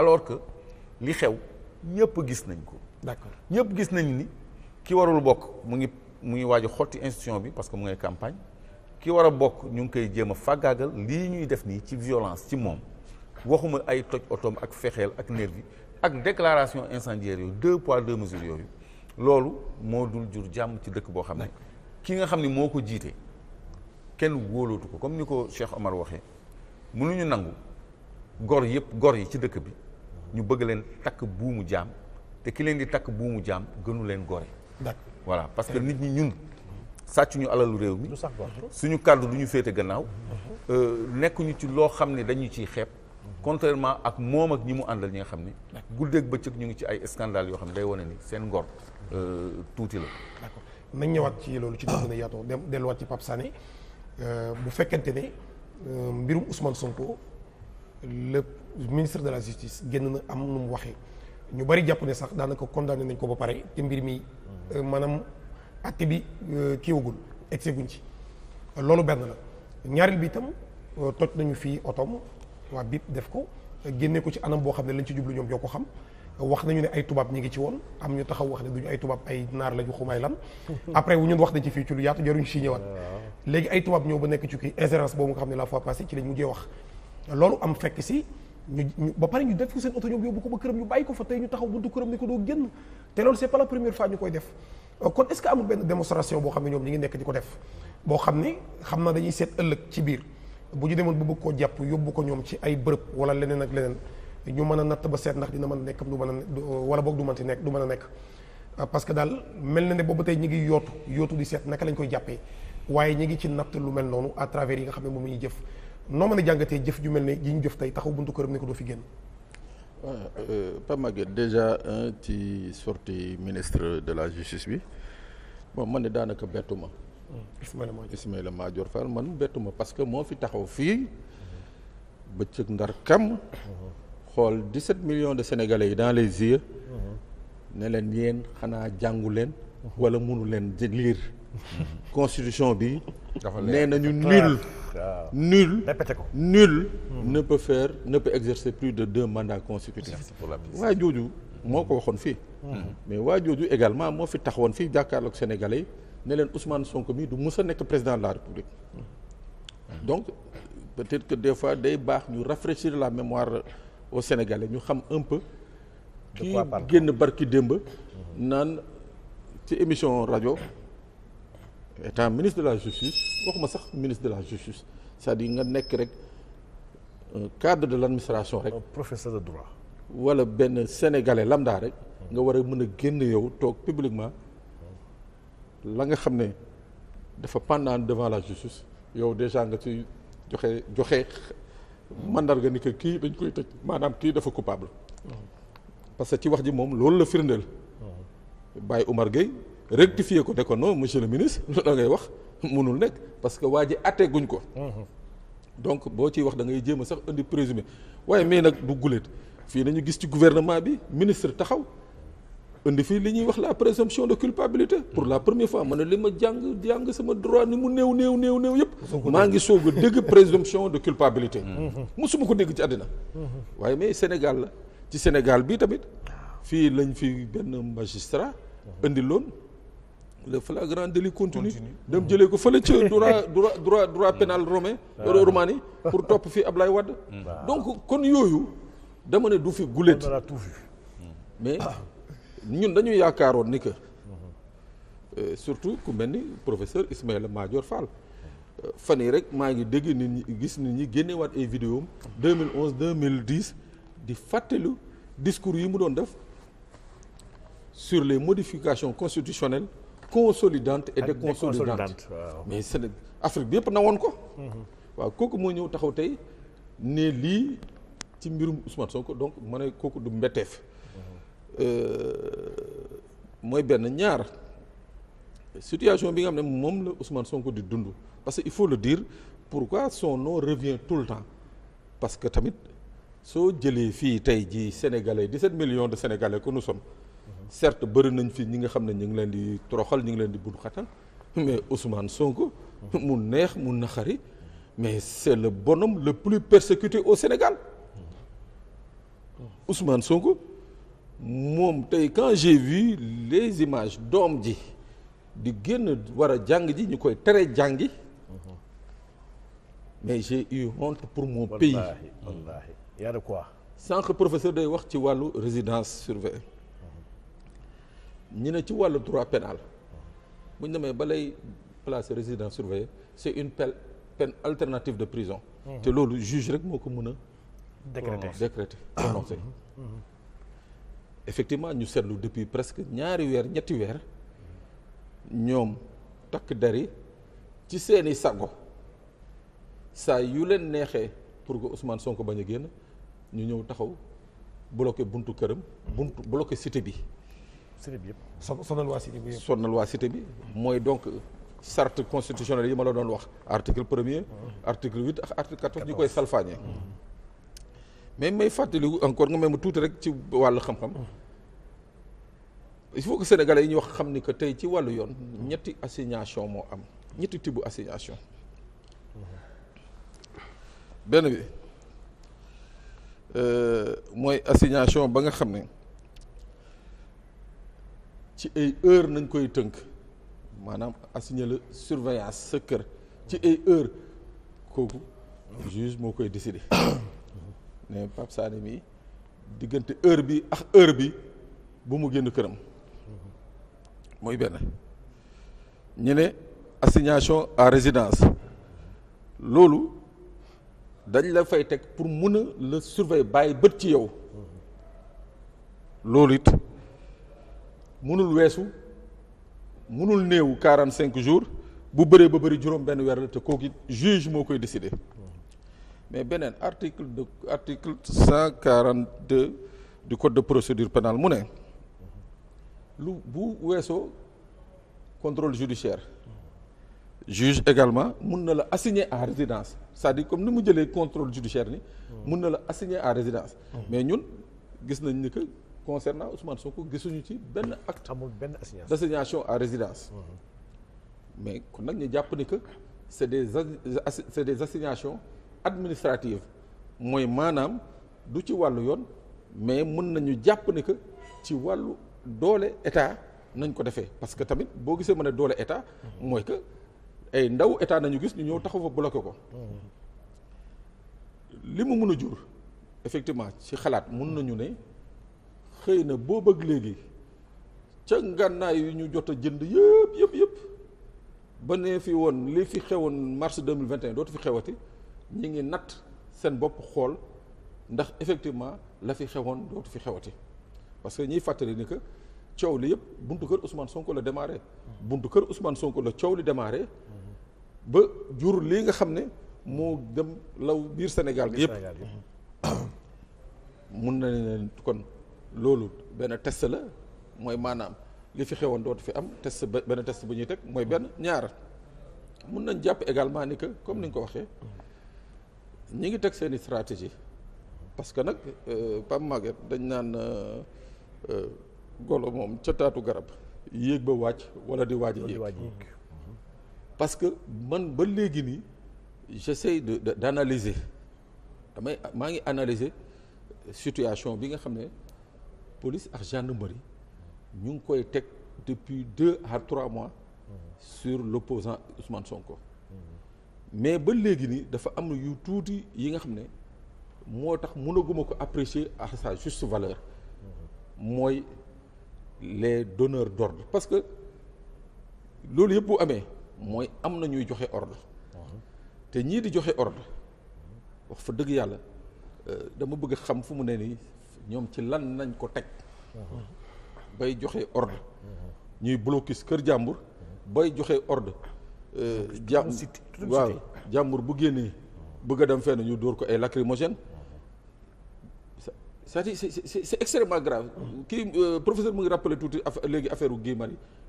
alors que li xew ñëpp gis nañ ko. d'accord ñëpp gis nañ ni ki warul bokk mu ngi mu ngi waaj a xotti institution bi parce que mu ngay campagne ki war a bokk ñu ngi koy jéem a fàggaagal lii ñuy def nii ci violence ci moom waxuma ay toj otoom ak fexeel ak nervi ak déclaration incendiaire yooyu deux poids deux mesures yooyu loolu moo dul jur jàmm ci dëkk boo xam ne ki nga xam ne moo ko jiite kenn wóolootu ko comme ni ko Cheikh Omar waxee mënuñu nangu gor yëpp gor yi ci dëkk bi ñu bëgg leen takk buumu jaam te ki leen di takk buumu jaam gënu leen gore voilà parce que nit ñi ñun sàccuñu alalu réew mi suñu kàddu du ñu féete gannaaw mhm. euh, nekkuñu ci loo xam ne dañu ci xeeb mhm. contrairement ak moom ak ñi mu àndal ñi nga xam ne guddeeg bëccëg ñu ngi ci ay scandale yoo xam ne day wane ni seen ngor euh, tuuti la d'accord nañ ñëwaat ci loolu ci dégg na yaatoo dem delluwaat ci Pape Sané euh, bu fekkente ne mbirum Ousmane Sonko lépp ministre de la justice génn na am nu mu waxee ñu bari jàpp ne sax daanaka condamné nañ ko ba pare te mbir mi mm-hmm. euh, maanaam atte bi euh, kiiwagul egseguñ ci loolu benn la ñaareel bi itam euh, toj nañu fii otoom waa BIP def ko génne ko ci anam boo xam ne lañ ci jublu ñoom ñoo ko xam wax nañu ne ay tubaab ñi ngi ci woon am ñu taxaw wax ne duñu ay tubaab ay naar lañu xumaay lan après wu ñun wax nañ ci fii ci lu yaatu jaruñ si ñëwaat léegi ay tubaab ñoo ba nekk ci kii ingérence boobu nga xam ne la fois passée ci lañ mujjee wax loolu am fekk si ñu ba pare ñu def ko seen oto ñoom yóbbu ko ba këram ñu bàyyi ko fa tey ñu taxaw buntu këram ni ko doo génn te loolu c'est pas la première fois ñu koy def euh, kon est que amul benn démonstration boo xam ne ñoom ñi ngi nekk di ko def boo xam ne xam na dañuy seet ëllëg ci biir bu ñu demoon bu bëgg koo jàpp yóbbu ko ñoom ci ay bërëb wala leneen ak leneen ñu mën a natt ba seet ndax dina mën a nekk du mën a wala boog du mënti nekk du mën a nekk euh, parce que daal mel na ne boobu tey ñu ngi yootu yootu di seet naka lañ koy jàppee waaye ñi ngi ci natt lu mel noonu travers yi nga xam ne moom ñuy jëf noo mën a jàngatee jëf ju mel ne yi ñu jëf tey taxaw buntu këram ne ko doo fi génn. waaw ah, euh, Pa déjà ci sortie ministre de la justice bi bon man ne daanaka bettu ma. Hmm, Ismaïla Madior Ismaïla Madior Fall man bettu ma parce que moo fi taxaw fii bëccëg ndar kam xool 17 million de sénégalais yi dans les yeux. Hmm. ne leen yéen xanaa jàngu leen. wala mënu leen di lire. constitution bi. nee nañu nul. nul nul. ne peut faire ne peut exercer plus de deux mandats consécutifs. waa jooju moo ko waxoon fii. mais waa jooju également moo fi taxawoon fii jàkkaarloog Sénégalais ne leen Ousmane Sonko mi du mus a nekk président de la République. donc peut-être que des fois day baax ñu rafraîchir la mémoire au Sénégalais ñu xam un peu. kii génn barki démb. naan ci émission rajo. étant ministre de la justice waxuma sax ministre de la justice cest à nga nekk rek un cadre de l'administration rek. un professeur de wala benn sénégalais lambda rek. nga war a mën a génn yow toog publiquement la nga xam ne dafa pendant devant la justice yow déjà nga ci joxe joxe mandarga ni que kii dañ koy tëj maanaam kii dafa coupable. Mm. parce que ci wax ji moom loolu la firndeel. Mm. Baye Omar Gueye. rectifier ko de ko non monsieur le ministre la ngay wax mënul nekk parce que waa ji atte guñ ko. Mhm. donc boo ciy wax da ngay jéem a sax indi présumé waaye mais nag du guléet fii nañu gis ci gouvernement bi ministre taxaw indi fii li ñuy wax la présomption de culpabilité. pour la première fois ma li ma jàng jàng sama droit ni mu néew néew néew néew yëpp. maa ngi soog a dégg présomption de culpabilité. Mhm. mosuma ko dégg ci àddina. Mhm. waaye mais Sénégal la ci Sénégal bi tamit fii lañ fi benn magistrat indi loon. le flagrant délit continue dem jële ko fële ca droit droit droit droit pénal romain euh, romani pour topp fii Ablaye Wade mm. donc kon yooyu dama ne du fi gulet mais ñun dañuy yaakaaroon ni que euh, surtout ku mel ni professeur Ismaïla Madior Fall euh, fan yi rek maa ngi dégg nit ñi gis nit ñi génnewaat ay vidéo am 2011 2010 di fàttelu discours yi mu doon def sur les modifications constitutionnelles consolidante et ah, déconsolidante mais c'est Afrique bi yëpp na woon ko waaw kooku moo ñëw taxaw tey ne lii ci mbirum Ousmane Sonko donc ma kooku du mbetteef euh, mooy benn ñaar situation bi nga xam ne moom la Ousmane Sonko di dund parce que il faut le dire pourquoi son nom revient tout le temps parce que tamit soo jëlee fii tey jii sénégalais set million de sénégalais que nous certes bëri nañ fi ñi nga xam ne ñu ngi leen di troxal ñu ngi leen di budd xatal mais Ousmane Sonko. mu neex mu naxari mais c'est le bonhomme le plus persécuté au Sénégal Ousmane Sonko moom tey quand j'ai vu les images doom ji di génn war a jàng ji ñu koy tere jàngi mais j'ai eu honte pour mon pays wallaahi wallaahi quoi sànq professeur day wax ci wàllu résidence surveillée ñi ne ci wàllu droit penal bu ñu demee ba lay placer résidence surveillée c'est une peine peine alternative de prison mhm. te loolu juge rek moo ko mën a décréter décréter prononcé mhm. mhm. effectivement ñu seetlu depuis presque ñaari weer ñetti weer ñoom takk dari ci seeni sago saa yu leen neexee pour que Ousmane Sonko bañ a génn ñu ñëw taxaw bloqué buntu këram buntu bloqué cité bi cité bi yëpp sonal waa cité bi yëpp sonal waa cité bi mooy donc charte constitutionnelle yi ma la doon wax article premier article huit ak article quatorze ñu koy salfaañee mm-hmm. mais may fàttaliku encore nga may ma tuuti rek ci wàllu xam-xam il faut que sénégalais yi ñu wax xam ni que tey ci wàllu yoon ñetti assignation moo am ñetti tibb assignation benn bi euh, mooy assignation ba nga xam ne ci ay heure nañ koy tënk maanaam assigné la surveillance sa kër ci ay heure kooku juge moo koy décider ne Pape Sané mi diggante heure bi ak heure bi bu mu génn këram mooy benn ñu ne assignation à résidence loolu dañ la fay teg pour mun a la surveiller bàyyi bët ci yow loolu it mënul weesu mënul néewu quarante cinq jours bu bëree ba bëri juróom benn weer la te kooku juge moo koy décider mais beneen article de article cent quarante deux du code de procédure pénale mu ne lu bu weesoo contrôle judiciaire juge également mun na la assigner à résidence cest dire comme ni mu jëlee contrôle judiciaire ni mun na la assigner à résidence mmh. mais ñun gis nañ ni concernant soo Sonko gisuñu ci benn acte. benn assignation d'assignation à résidence. Mmh. mais kon nag ñu jàpp ni que c'est des c'est des assignations administratives mooy maanaam du ci wàllu yoon mais mun nañu jàpp ni que ci wàllu doole état nañ ko defee parce que tamit boo gisee ma ne doole état. Mhm. mooy que ay ndaw état nañu gis ñu ñëw taxaw fa bloqué ko. Mhm. li mu mën a jur effectivement ci xalaat mën nañu ne. xëy na boo bëgg léegi ca ngànnaay yu ñu jot a jënd yëpp yëpp yëpp ba nee fi woon li fi xewoon mars deux mille vingt dootu fi xewati ñi ngi natt seen bopp xool ndax effectivement la fi xewoon dootu fi xewati parce que ñiy fàttali ni que coow li yëpp buntu kër Ousmane Sonko la démarré. buntu kër usman Sonko la coow li démarré. ba jur lii nga xam ne moo dem law biir Sénégal gi yëpp mun na ne kon. loolu benn test la mooy maanaam li fi xewoon dootu fi am test benn test bu ñuy teg mooy benn ñaar mun nañ jàpp également ni que comme ni nga ko waxee ñi ngi teg seen i stratégie parce que nag euh, Pape Maguette dañ naan euh, euh, golo moom ca taatu garab yéeg ba wàcc wala di waaj a yéeg mm-hmm. parce que man ba léegi nii j'essaie de d'analyser damay maa ngi analyser situation bi nga xam ne police ak gendarmerie ñu ngi koy teg depuis deux à trois mois sur l'opposant Ousmane Sonko mais ba léegi nii dafa am yu tuuti yi nga xam ne moo tax mënaguma ko apprécier à sa juste valeur mooy les donneurs d'ordre parce que loolu yëpp bu amee mooy am na ñuy joxe ordre te ñii di joxe ordre wax fa dëgg yàlla euh, dama bëgg xam fu mu ne nii ñoom ci lan nañ ko teg bay joxe ordre ñuy blocus kër jàmbur bay joxe ordre ja waaw jàmbur bu génnee bëgg a dem fenn ñu dóor ko ay lacrymogène c'est-à-dire c'est c'est extrêmement grave kii euh, professeur mu ngi rappelé tuuti léegi affaire u Guy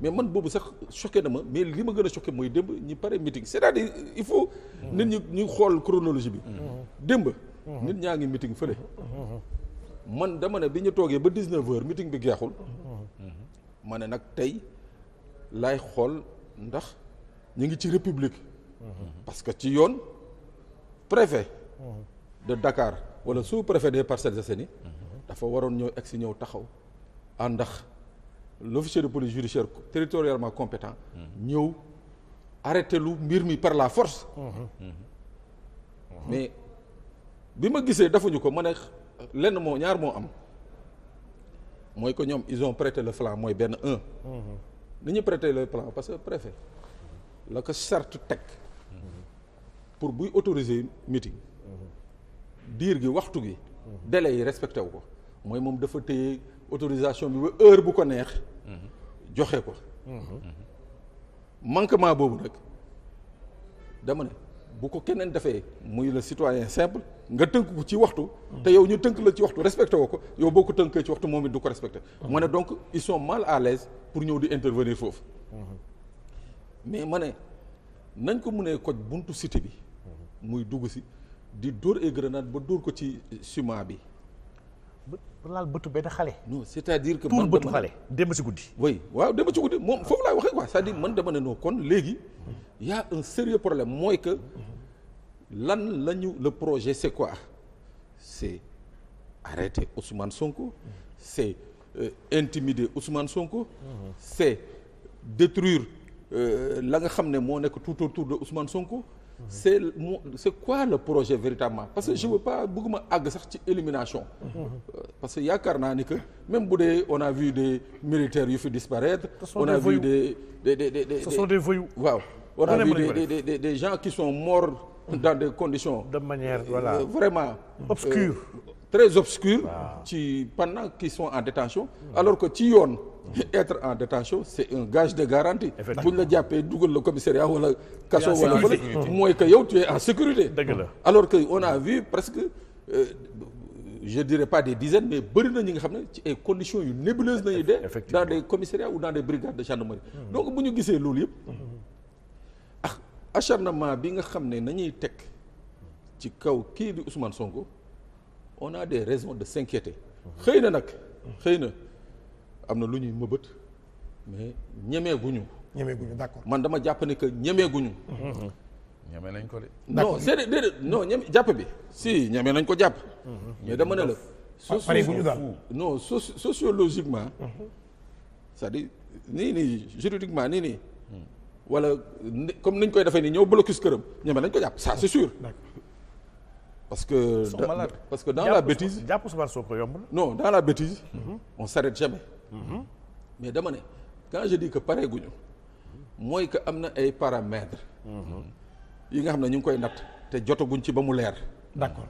mais man boobu sax choqué na ma mais li ma gën a choqué mooy démb ñi pare meeting c'est-à-dire il faut nit ñi ñu xool chronologie bi mm-hmm. démb mm-hmm. nit ñaa ngi meeting fële mm-hmm. man dama ne bi ñu toogee ba 19h meeting bi geexul. Mhm. ma ne nag tey lay xool ndax ñu ngi ci république. Mhm. parce que ci yoon préfet. Mhm. de Dakar wala sous préfet des Parcelles Assainies. dafa waroon ñëw egg si ñëw taxaw ànd ndax l'officier de police judiciaire territorialement compétent. ñëw arrêté lu mbir mi par la force. mais bi ma gisee defuñu ko ma ne. lenn moo ñaar moo am mooy que ñoom ison ont le flanc mooy benn un. Mhm. ni ñu prêté le flanc parce que préfet la ko charte teg pour buy autoriser meeting. Mhm. diir gi waxtu gi. Mhm. délai yi respecté wu ko mooy moom dafa téye autorisation bi ba heure bu ko neex. joxe ko. manquement boobu nag dama ne. bu ko keneen defee muy la citoyen simple nga tënk ko ci waxtu te yow ñu tënk la ci waxtu respecté woo ko yow boo ko tënkee ci waxtu moom it du ko respecté ma ne donc il sont mal à l'aise pour ñëw di intervenir foofu mais ma ne nañ ko mënee koj buntu cité bi muy dugg si di dóor ay grenade ba dóor ko ci ciment bi laal bëtu benn xale. non c'est-à-dire que. tuur bëtu xale dem ci guddi. oui waaw dem ci guddi moom foofu laay waxee quoi c'est-à-dire man dama ne non kon léegi. y un sérieux problème mooy que lan la le projet c'est quoi c'est arrêter Ousmane Sonko c'est euh, intimider Ousmane Sonko c'est détruire euh, la nga xam ne moo nekk tout autour de Ousmane Sonko c'est moo c'est quoi le projet véritablement parce que je veux pas bëgguma àgg sax ci élimination euh, parce que yaakaar naa ni que même bu dee on a vu des militaires yu fi disparaître on a vu des des des des ce sont des voyous waaw on a vu des, des, des, des gens qui sont morts dans des conditions de manière euh, voilà euh, vraiment euh, obscure très obscure ah. ci pendant qu'ils son en détention alors que ci yoon être en détention c'est un gage de garantie bu ñu la jàppee dugal la commissariat wala kaso mm. mooy que yow tu es en sécurité dëgg la alors que on a vu presque je dirais pas des dizaines mais bëri na ñi nga xam ne ci ay conditions yu nébuleuses nañu dee dans des commissariats ou dans des brigades de gendarmerie mm. donc bu ñu gisee loolu yëpp mm-hmm. acharnement bi nga xam ne nañuy teg ci kaw kii di Ousmane Sonko on a des raisons de s'inquiéter xëy na nag xëy na am na lu ñuy mëbët mais ñemeeguñu ñemeeguñu d'accord man dama jàpp ne que ñemeeguñu nañ ko de non c'est déedéet jàpp bi si ñeme nañ ko jàpp mais dama ne la sociologiquement mhm. cest à nii nii juridiquement nii nii wala comme nañ koy defee nii ñëw blocus këram ñeme nañ ko jàpp ça c'est sûr. parce que da, parce que dans la bêtise jàpp Ousmane Sonko yomb na non dans la bêtise. Mm-hmm. on s'arrête jamais. Mm-hmm. mais dama ne quand je dis que pareeguñu mooy que am na ay paramètres. Mm-hmm. yi nga xam ne ñu ngi koy natt te jotaguñ ci ba mu leer. d'accord.